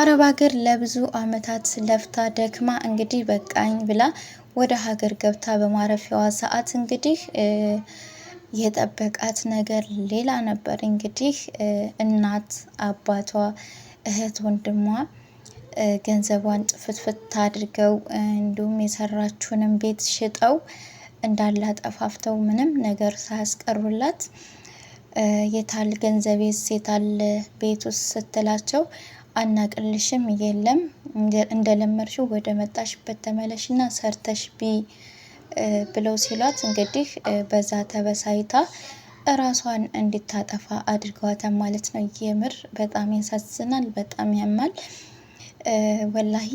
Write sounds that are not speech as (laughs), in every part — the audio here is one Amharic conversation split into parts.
አረብ ሀገር ለብዙ አመታት ለፍታ ደክማ እንግዲህ በቃኝ ብላ ወደ ሀገር ገብታ በማረፊያዋ ሰዓት እንግዲህ የጠበቃት ነገር ሌላ ነበር። እንግዲህ እናት አባቷ፣ እህት ወንድሟ ገንዘቧን ጥፍትፍት አድርገው እንዲሁም የሰራችውንም ቤት ሽጠው እንዳላ ጠፋፍተው ምንም ነገር ሳያስቀሩላት የታል ገንዘቤስ የታል ውስጥ ስትላቸው አናቅልሽም የለም እንደለመድሽው ወደ መጣሽበት ተመለሽና ሰርተሽ ቢ ብለው ሲሏት እንግዲህ በዛ ተበሳይታ እራሷን እንድታጠፋ አድርገዋታል ማለት ነው። የምር በጣም ያሳዝናል፣ በጣም ያማል። ወላሂ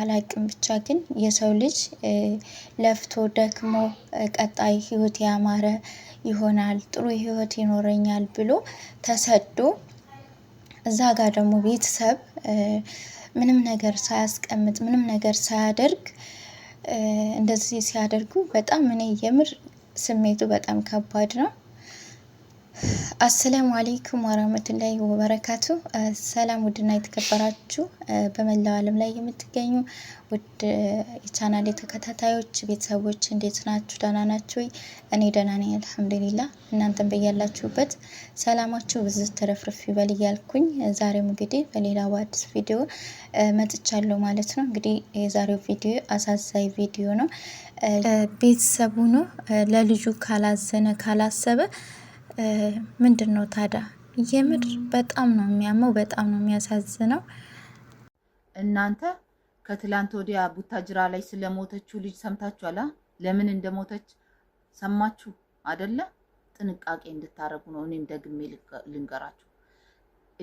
አላቅም ብቻ ግን የሰው ልጅ ለፍቶ ደክሞ ቀጣይ ህይወት ያማረ ይሆናል፣ ጥሩ ህይወት ይኖረኛል ብሎ ተሰዶ እዛ ጋር ደግሞ ቤተሰብ ምንም ነገር ሳያስቀምጥ ምንም ነገር ሳያደርግ እንደዚህ ሲያደርጉ በጣም እኔ የምር ስሜቱ በጣም ከባድ ነው። አሰላሙ አሌይኩም ወራህመቱላሂ ወበረካቱ። ሰላም ውድና የተከበራችሁ በመላው ዓለም ላይ የምትገኙ ውድ የቻናል ተከታታዮች ቤተሰቦች እንዴት ናችሁ? ደህና ናችሁ ወይ? እኔ ደህና ነኝ አልሐምዱሊላ። እናንተን በያላችሁበት ሰላማችሁ ብዙ ተረፍርፍ ይበል እያልኩኝ ዛሬም እንግዲህ በሌላ በአዲስ ቪዲዮ መጥቻለሁ ማለት ነው። እንግዲህ የዛሬው ቪዲዮ አሳዛኝ ቪዲዮ ነው። ቤተሰቡ ነው ለልጁ ካላዘነ ካላሰበ ምንድን ነው ታዲያ የምድር በጣም ነው የሚያመው፣ በጣም ነው የሚያሳዝነው። እናንተ ከትላንት ወዲያ ቡታጅራ ላይ ስለሞተችው ልጅ ሰምታችኋል? ለምን እንደሞተች ሰማችሁ አደለ? ጥንቃቄ እንድታረጉ ነው እኔም ደግሜ ልንገራችሁ።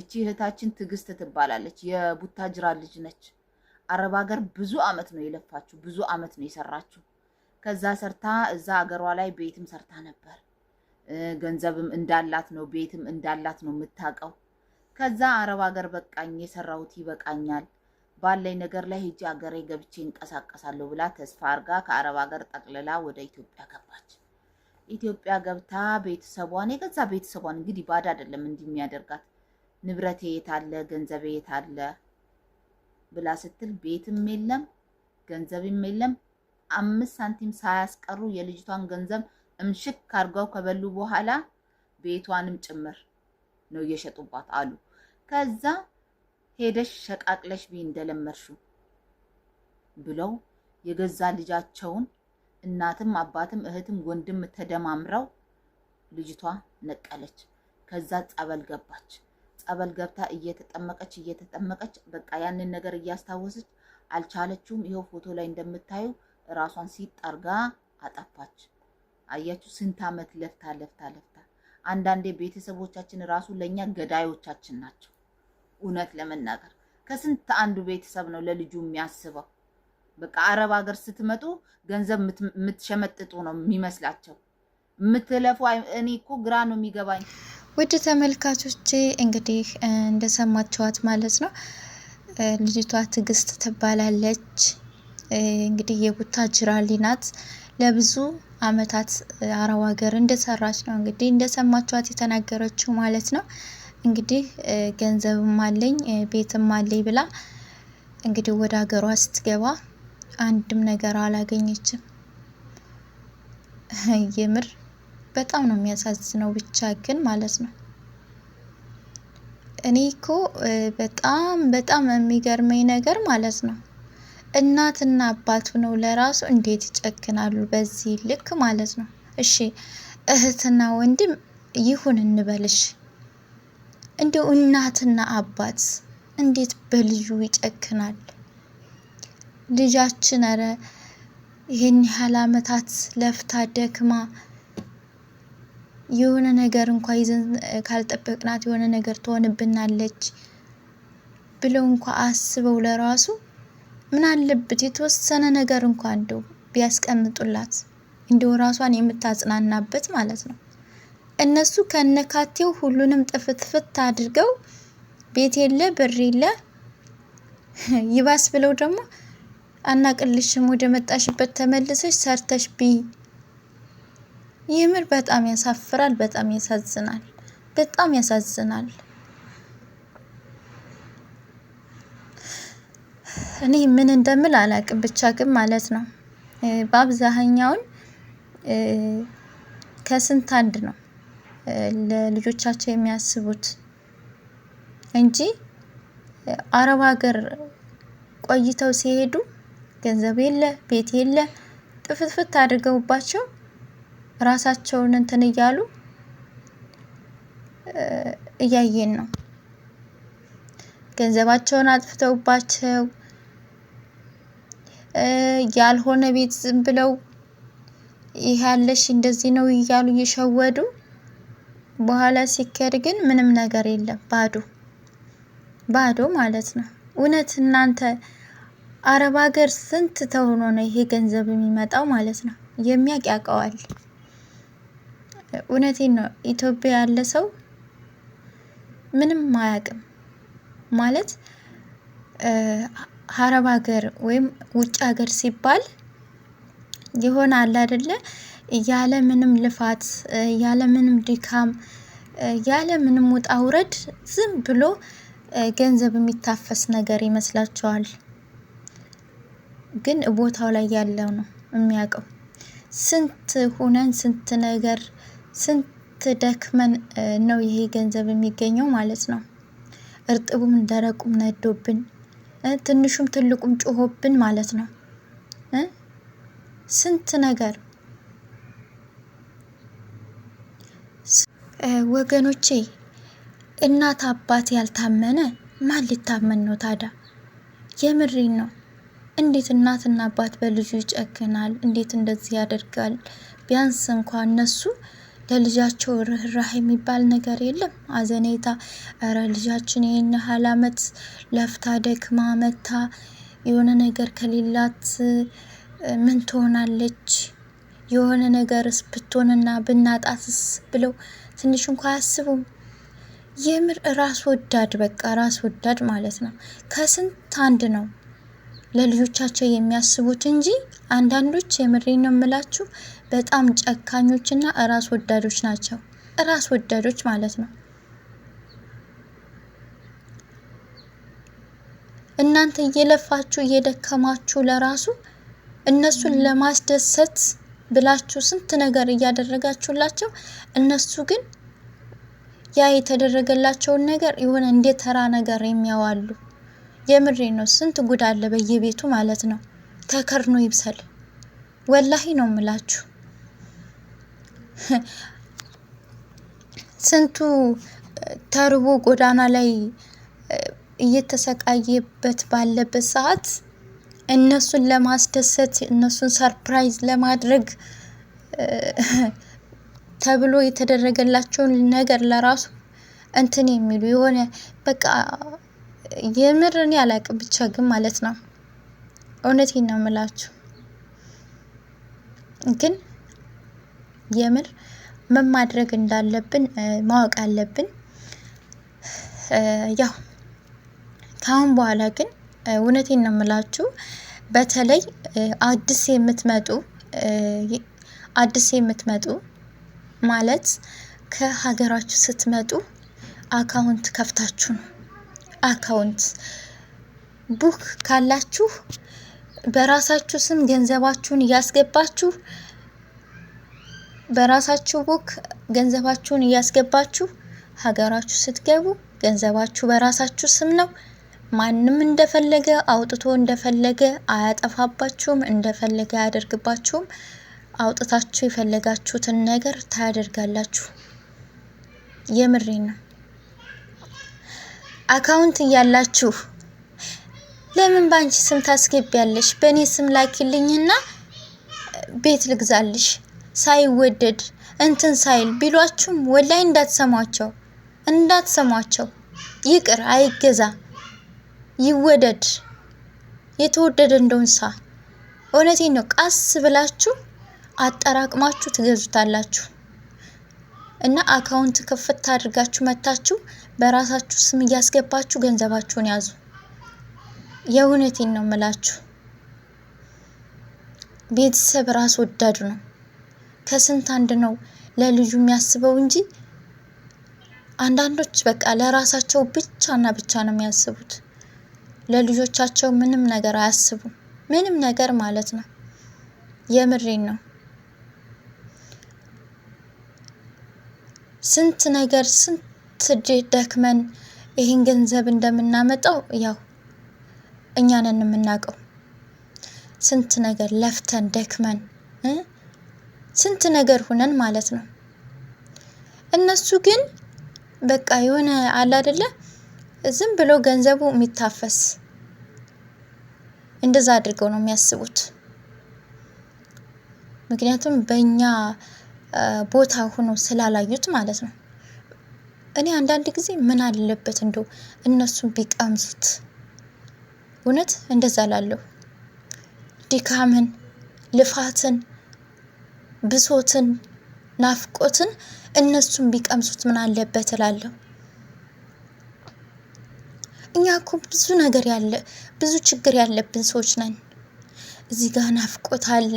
እቺ እህታችን ትዕግስት ትባላለች። የቡታጅራ ልጅ ነች። አረብ ሀገር ብዙ አመት ነው የለፋችሁ፣ ብዙ አመት ነው የሰራችሁ። ከዛ ሰርታ እዛ አገሯ ላይ ቤትም ሰርታ ነበር ገንዘብም እንዳላት ነው፣ ቤትም እንዳላት ነው የምታውቀው። ከዛ አረብ ሀገር በቃኝ፣ የሰራሁት ይበቃኛል፣ ባለኝ ነገር ላይ ሂጂ ሀገሬ ገብቼ እንቀሳቀሳለሁ ብላ ተስፋ አርጋ ከአረብ ሀገር ጠቅልላ ወደ ኢትዮጵያ ገባች። ኢትዮጵያ ገብታ ቤተሰቧን የገዛ ቤተሰቧን እንግዲህ ባዳ አይደለም እንዲህ የሚያደርጋት ንብረቴ የት አለ ገንዘቤ የት አለ ብላ ስትል ቤትም የለም ገንዘብም የለም። አምስት ሳንቲም ሳያስቀሩ የልጅቷን ገንዘብ እምሽክ አድርገው ከበሉ በኋላ ቤቷንም ጭምር ነው እየሸጡባት አሉ። ከዛ ሄደሽ ሸቃቅለሽ ቢ እንደለመድሹ ብለው የገዛ ልጃቸውን እናትም አባትም እህትም ወንድም ተደማምረው ልጅቷ ነቀለች። ከዛ ጸበል ገባች። ጸበል ገብታ እየተጠመቀች እየተጠመቀች በቃ ያንን ነገር እያስታወሰች አልቻለችውም። ይኸው ፎቶ ላይ እንደምታዩ እራሷን ሲጠርጋ አጠፋች። አያችሁ፣ ስንት አመት ለፍታ ለፍታ ለፍታ። አንዳንዴ ቤተሰቦቻችን ራሱ ለእኛ ገዳዮቻችን ናቸው። እውነት ለመናገር ከስንት አንዱ ቤተሰብ ነው ለልጁ የሚያስበው። በቃ አረብ ሀገር ስትመጡ ገንዘብ የምትሸመጥጡ ነው የሚመስላቸው የምትለፉ። እኔ እኮ ግራ ነው የሚገባኝ። ውድ ተመልካቾቼ እንግዲህ እንደሰማችኋት ማለት ነው። ልጅቷ ትዕግስት ትባላለች። እንግዲህ የቡታ ጅራሊ ናት ለብዙ አመታት አረብ ሀገር እንደሰራች ነው እንግዲህ እንደሰማችኋት የተናገረችው ማለት ነው። እንግዲህ ገንዘብም አለኝ ቤትም አለኝ ብላ እንግዲህ ወደ ሀገሯ ስትገባ አንድም ነገር አላገኘችም። (laughs) የምር በጣም ነው የሚያሳዝነው። ብቻ ግን ማለት ነው እኔ እኮ በጣም በጣም የሚገርመኝ ነገር ማለት ነው እናትና አባት ነው ለራሱ እንዴት ይጨክናሉ በዚህ ልክ ማለት ነው። እሺ እህትና ወንድም ይሁን እንበልሽ፣ እንዲሁ እናትና አባት እንዴት በልዩ ይጨክናል? ልጃችን ኧረ ይህን ያህል አመታት ለፍታ ደክማ የሆነ ነገር እንኳ ይዘን ካልጠበቅናት የሆነ ነገር ትሆንብናለች ብለው እንኳ አስበው ለራሱ ምን አለበት የተወሰነ ነገር እንኳን እንደው ቢያስቀምጡላት እንደው ራሷን የምታጽናናበት ማለት ነው። እነሱ ከነካቴው ሁሉንም ጥፍትፍት አድርገው ቤት የለ ብር የለ ይባስ ብለው ደግሞ አናቅልሽም፣ ወደ መጣሽበት ተመልሰሽ ሰርተሽ ቢ የምር በጣም ያሳፍራል፣ በጣም ያሳዝናል፣ በጣም ያሳዝናል። እኔ ምን እንደምል አላቅም ብቻ ግን ማለት ነው። በአብዛኛውን ከስንት አንድ ነው ለልጆቻቸው የሚያስቡት እንጂ አረብ ሀገር ቆይተው ሲሄዱ ገንዘብ የለ ቤት የለ ጥፍትፍት አድርገውባቸው ራሳቸውን እንትን እያሉ እያየን ነው። ገንዘባቸውን አጥፍተውባቸው ያልሆነ ቤት ዝም ብለው ይሄ ያለሽ እንደዚህ ነው እያሉ እየሸወዱ በኋላ ሲከድ ግን ምንም ነገር የለም። ባዶ ባዶ ማለት ነው። እውነት እናንተ አረብ ሀገር ስንት ተሆኖ ነው ይሄ ገንዘብ የሚመጣው ማለት ነው። የሚያቅ ያውቀዋል። እውነቴን ነው። ኢትዮጵያ ያለ ሰው ምንም አያውቅም ማለት ሀረብ ሀገር ወይም ውጭ ሀገር ሲባል የሆነ አለ አይደለ ያለ ምንም ልፋት ያለ ምንም ድካም ያለ ምንም ውጣ ውረድ ዝም ብሎ ገንዘብ የሚታፈስ ነገር ይመስላቸዋል። ግን ቦታው ላይ ያለው ነው የሚያውቀው። ስንት ሁነን ስንት ነገር ስንት ደክመን ነው ይሄ ገንዘብ የሚገኘው ማለት ነው። እርጥቡም ደረቁም ነዶብን ትንሹም ትልቁም ጮሆብን ማለት ነው። ስንት ነገር ወገኖቼ፣ እናት አባት ያልታመነ ማን ሊታመን ነው ታዲያ? የምሪን ነው። እንዴት እናትና አባት በልጁ ይጨክናል? እንዴት እንደዚህ ያደርጋል? ቢያንስ እንኳን እነሱ ለልጃቸው ርኅራህ የሚባል ነገር የለም። አዘኔታ እረ ልጃችን ይህን ያህል አመት ለፍታ ደክማ መታ የሆነ ነገር ከሌላት ምን ትሆናለች? የሆነ ነገርስ ብትሆንና ብናጣትስ ብለው ትንሽ እንኳ አያስቡም። የምር ራስ ወዳድ በቃ ራስ ወዳድ ማለት ነው። ከስንት አንድ ነው። ለልጆቻቸው የሚያስቡት እንጂ አንዳንዶች የምሬ ነው የምላችሁ በጣም ጨካኞችና ራስ ወዳዶች ናቸው። ራስ ወዳዶች ማለት ነው። እናንተ እየለፋችሁ እየደከማችሁ ለራሱ እነሱን ለማስደሰት ብላችሁ ስንት ነገር እያደረጋችሁላቸው እነሱ ግን ያ የተደረገላቸውን ነገር የሆነ እንደ ተራ ነገር የሚያዋሉ የምሬ ነው። ስንት ጉድ አለ በየቤቱ ማለት ነው። ተከርኖ ይብሰል። ወላሂ ነው ምላችሁ። (laughs) ስንቱ ተርቦ ጎዳና ላይ እየተሰቃየበት ባለበት ሰዓት እነሱን ለማስደሰት እነሱን ሰርፕራይዝ ለማድረግ (laughs) ተብሎ የተደረገላቸውን ነገር ለራሱ እንትን የሚሉ የሆነ በቃ የምር እኔ አላቅም ብቻ ግን ማለት ነው እውነቴን ነው የምላችሁ ግን የምር ምን ማድረግ እንዳለብን ማወቅ አለብን። ያው ከአሁን በኋላ ግን እውነቴን ነው የምላችሁ በተለይ አዲስ የምትመጡ አዲስ የምትመጡ ማለት ከሀገራችሁ ስትመጡ አካውንት ከፍታችሁ ነው አካውንት ቡክ ካላችሁ በራሳችሁ ስም ገንዘባችሁን እያስገባችሁ በራሳችሁ ቡክ ገንዘባችሁን እያስገባችሁ ሀገራችሁ ስትገቡ ገንዘባችሁ በራሳችሁ ስም ነው። ማንም እንደፈለገ አውጥቶ እንደፈለገ አያጠፋባችሁም፣ እንደፈለገ አያደርግባችሁም። አውጥታችሁ የፈለጋችሁትን ነገር ታያደርጋላችሁ። የምሬ ነው። አካውንት እያላችሁ ለምን ባንቺ ስም ታስገቢያለሽ? በእኔ ስም ላኪልኝና ቤት ልግዛልሽ ሳይወደድ እንትን ሳይል ቢሏችሁም ወላይ እንዳትሰሟቸው እንዳትሰሟቸው። ይቅር አይገዛ ይወደድ የተወደደ እንደውንሳ እንሳ። እውነቴን ነው። ቀስ ብላችሁ አጠራቅማችሁ ትገዙታላችሁ። እና አካውንት ክፍት አድርጋችሁ መታችሁ በራሳችሁ ስም እያስገባችሁ ገንዘባችሁን ያዙ። የእውነቴን ነው ምላችሁ። ቤተሰብ ራስ ወዳድ ነው። ከስንት አንድ ነው ለልጁ የሚያስበው እንጂ አንዳንዶች በቃ ለራሳቸው ብቻና ብቻ ነው የሚያስቡት። ለልጆቻቸው ምንም ነገር አያስቡም። ምንም ነገር ማለት ነው። የምሬን ነው። ስንት ነገር ስንት ደክመን ይህን ገንዘብ እንደምናመጣው ያው እኛንን የምናውቀው። ስንት ነገር ለፍተን ደክመን ስንት ነገር ሁነን ማለት ነው። እነሱ ግን በቃ የሆነ አለ አይደለ ዝም ብሎ ገንዘቡ የሚታፈስ እንደዛ አድርገው ነው የሚያስቡት። ምክንያቱም በእኛ ቦታ ሆኖ ስላላዩት ማለት ነው። እኔ አንዳንድ ጊዜ ምን አለበት እንዶ እነሱን ቢቀምሱት። እውነት እንደዛ ላለሁ ድካምን፣ ልፋትን፣ ብሶትን፣ ናፍቆትን እነሱን ቢቀምሱት ምን አለበት እላለሁ። እኛ እኮ ብዙ ነገር ያለ ብዙ ችግር ያለብን ሰዎች ነን። እዚህ ጋር ናፍቆት አለ፣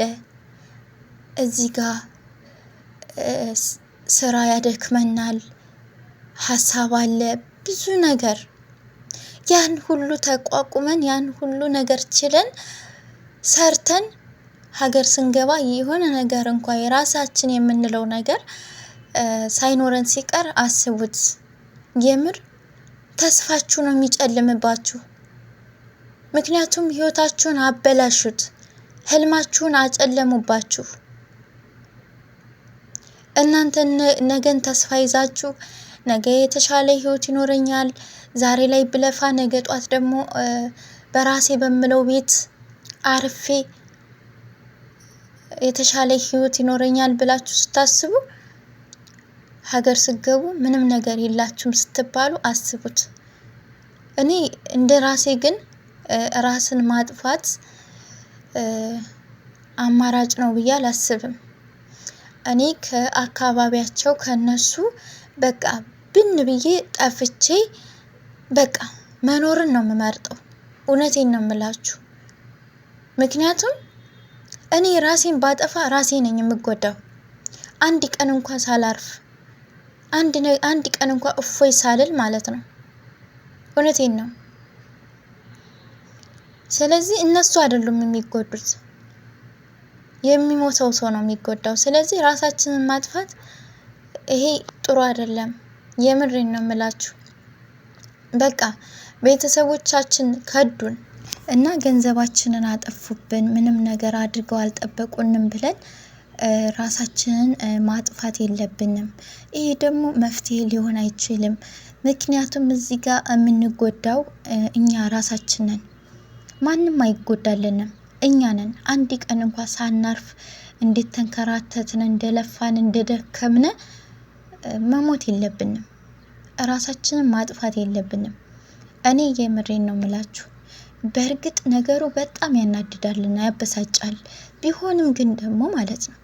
እዚህ ጋር ስራ ያደክመናል፣ ሀሳብ አለ፣ ብዙ ነገር ያን ሁሉ ተቋቁመን ያን ሁሉ ነገር ችለን ሰርተን ሀገር ስንገባ የሆነ ነገር እንኳ የራሳችን የምንለው ነገር ሳይኖረን ሲቀር አስቡት። የምር ተስፋችሁ ነው የሚጨልምባችሁ። ምክንያቱም ህይወታችሁን አበላሹት፣ ህልማችሁን አጨለሙባችሁ። እናንተ ነገን ተስፋ ይዛችሁ ነገ የተሻለ ህይወት ይኖረኛል፣ ዛሬ ላይ ብለፋ ነገ ጧት ደግሞ በራሴ በምለው ቤት አርፌ የተሻለ ህይወት ይኖረኛል ብላችሁ ስታስቡ ሀገር ስገቡ ምንም ነገር የላችሁም ስትባሉ አስቡት። እኔ እንደ ራሴ ግን ራስን ማጥፋት አማራጭ ነው ብዬ አላስብም። እኔ ከአካባቢያቸው ከነሱ በቃ ብን ብዬ ጠፍቼ በቃ መኖርን ነው የምመርጠው። እውነቴን ነው የምላችሁ። ምክንያቱም እኔ ራሴን ባጠፋ ራሴ ነኝ የምጎዳው። አንድ ቀን እንኳ ሳላርፍ አንድ ቀን እንኳ እፎይ ሳልል ማለት ነው። እውነቴን ነው። ስለዚህ እነሱ አይደሉም የሚጎዱት የሚሞተው ሰው ነው የሚጎዳው። ስለዚህ ራሳችንን ማጥፋት ይሄ ጥሩ አይደለም። የምሬን ነው የምላችሁ። በቃ ቤተሰቦቻችን ከዱን እና ገንዘባችንን አጠፉብን፣ ምንም ነገር አድርገው አልጠበቁንም ብለን ራሳችንን ማጥፋት የለብንም። ይሄ ደግሞ መፍትሄ ሊሆን አይችልም። ምክንያቱም እዚህ ጋር የምንጎዳው እኛ ራሳችንን፣ ማንም አይጎዳልንም። እኛንን አንድ ቀን እንኳ ሳናርፍ እንዴት ተንከራተትን እንደለፋን እንደደከምነ መሞት የለብንም። እራሳችንን ማጥፋት የለብንም። እኔ የምሬን ነው ምላችሁ። በእርግጥ ነገሩ በጣም ያናድዳልና ያበሳጫል። ቢሆንም ግን ደግሞ ማለት ነው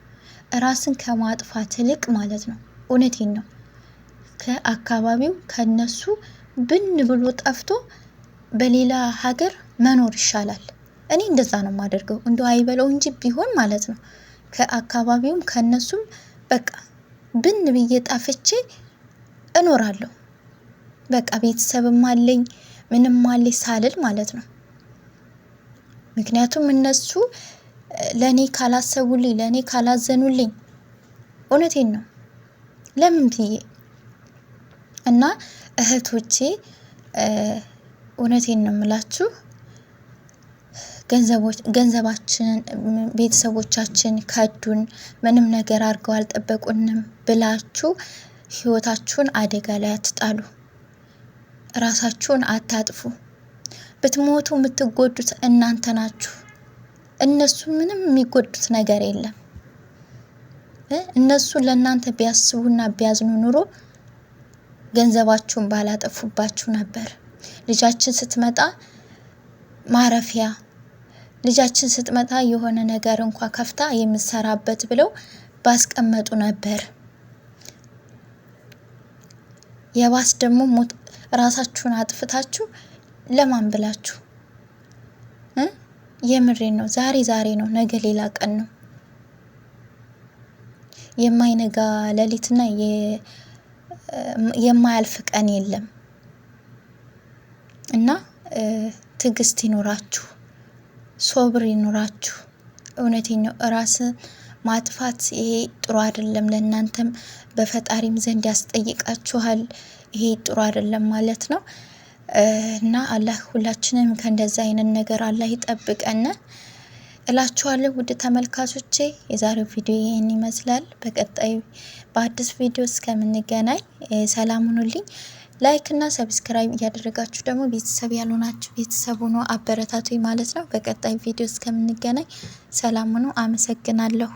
ራስን ከማጥፋት ይልቅ ማለት ነው እውነቴን ነው ከአካባቢው ከነሱ ብን ብሎ ጠፍቶ በሌላ ሀገር መኖር ይሻላል። እኔ እንደዛ ነው የማደርገው። እንደ አይበለው እንጂ ቢሆን ማለት ነው ከአካባቢውም ከነሱም በቃ ብን ብዬ ጣፍቼ እኖራለሁ። በቃ ቤተሰብም አለኝ ምንም አለኝ ሳልል ማለት ነው። ምክንያቱም እነሱ ለእኔ ካላሰቡልኝ፣ ለእኔ ካላዘኑልኝ እውነቴን ነው ለምን ብዬ እና እህቶቼ እውነቴን ነው የምላችሁ ገንዘባችንን ቤተሰቦቻችን ከዱን፣ ምንም ነገር አድርገው አልጠበቁንም ብላችሁ ህይወታችሁን አደጋ ላይ አትጣሉ። ራሳችሁን አታጥፉ። ብትሞቱ የምትጎዱት እናንተ ናችሁ። እነሱ ምንም የሚጎዱት ነገር የለም። እነሱ ለእናንተ ቢያስቡና ቢያዝኑ ኑሮ ገንዘባችሁን ባላጠፉባችሁ ነበር። ልጃችን ስትመጣ ማረፊያ ልጃችን ስትመጣ የሆነ ነገር እንኳ ከፍታ የምትሰራበት ብለው ባስቀመጡ ነበር። የባስ ደግሞ ሞት ራሳችሁን አጥፍታችሁ ለማን ብላችሁ? የምሬን ነው። ዛሬ ዛሬ ነው፣ ነገ ሌላ ቀን ነው። የማይነጋ ሌሊትና የማያልፍ ቀን የለም እና ትዕግስት ይኖራችሁ። ሶብር ይኑራችሁ። እውነተኛው ራስ ማጥፋት ይሄ ጥሩ አይደለም። ለእናንተም በፈጣሪም ዘንድ ያስጠይቃችኋል። ይሄ ጥሩ አይደለም ማለት ነው እና አላህ ሁላችንም ከእንደዚህ አይነት ነገር አላህ ይጠብቀን እላችኋለሁ። ውድ ተመልካቾቼ የዛሬው ቪዲዮ ይህን ይመስላል። በቀጣይ በአዲስ ቪዲዮ እስከምንገናኝ ሰላም ሁኑልኝ። ላይክ እና ሰብስክራይብ እያደረጋችሁ ደግሞ ቤተሰብ ያልሆናችሁ ቤተሰብ ሆኖ አበረታቱኝ ማለት ነው። በቀጣይ ቪዲዮ እስከምንገናኝ ሰላም ሁኑ። አመሰግናለሁ።